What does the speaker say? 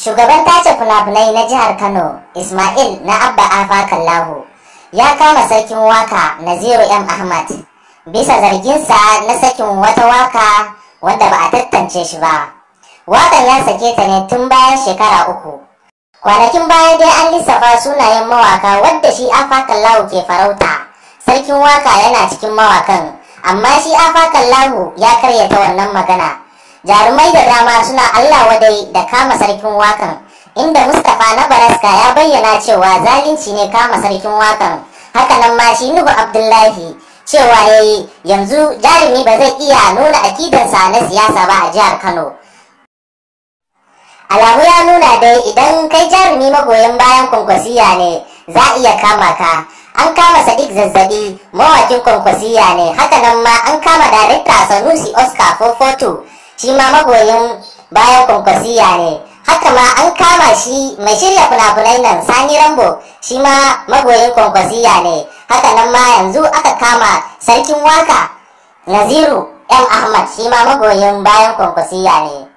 Shugaban tace fulafulai na jihar Kano, Ismail na Abba Afa Kallahu, ya kama sarkin waka Naziru M. Ahmad bisa zarginsa na sakin wata waka wanda ba a tantance shi ba. Wakan ya sake ta ne tun bayan shekara uku. Kwanakin baya dai an lissafa sunayen mawaka wadda shi Afa Kallahu ke farauta. Sarkin waka yana cikin mawakan, amma shi Afa Kallahu ya karyata wannan magana. jarumai da dama suna allah wadai da kama sarkin wakan inda mustapha na baraska ya bayyana cewa zalunci ne kama sarkin wakan hakanan ma shi nuhu abdullahi cewa yayi yanzu jarumi ba zai iya nuna sa na siyasa ba a jihar kano alamu ya nuna dai idan kai jarumi magoyin bayan kwankwasiya ne za a iya kama ka an kama sadiq zazzabi mawakin kwankwasiya ne hakanan ma an kama darekta sanusi oscar foto. shi ma magoyin bayan kwankwasiya ne haka ma an kama shi mai shirya fina-finai nan sani rambo shi ma magoyin kwankwasiya ne haka nan ma yanzu aka kama sarkin waka naziru yan ahmad shi ma magoyin bayan kwankwasiya ne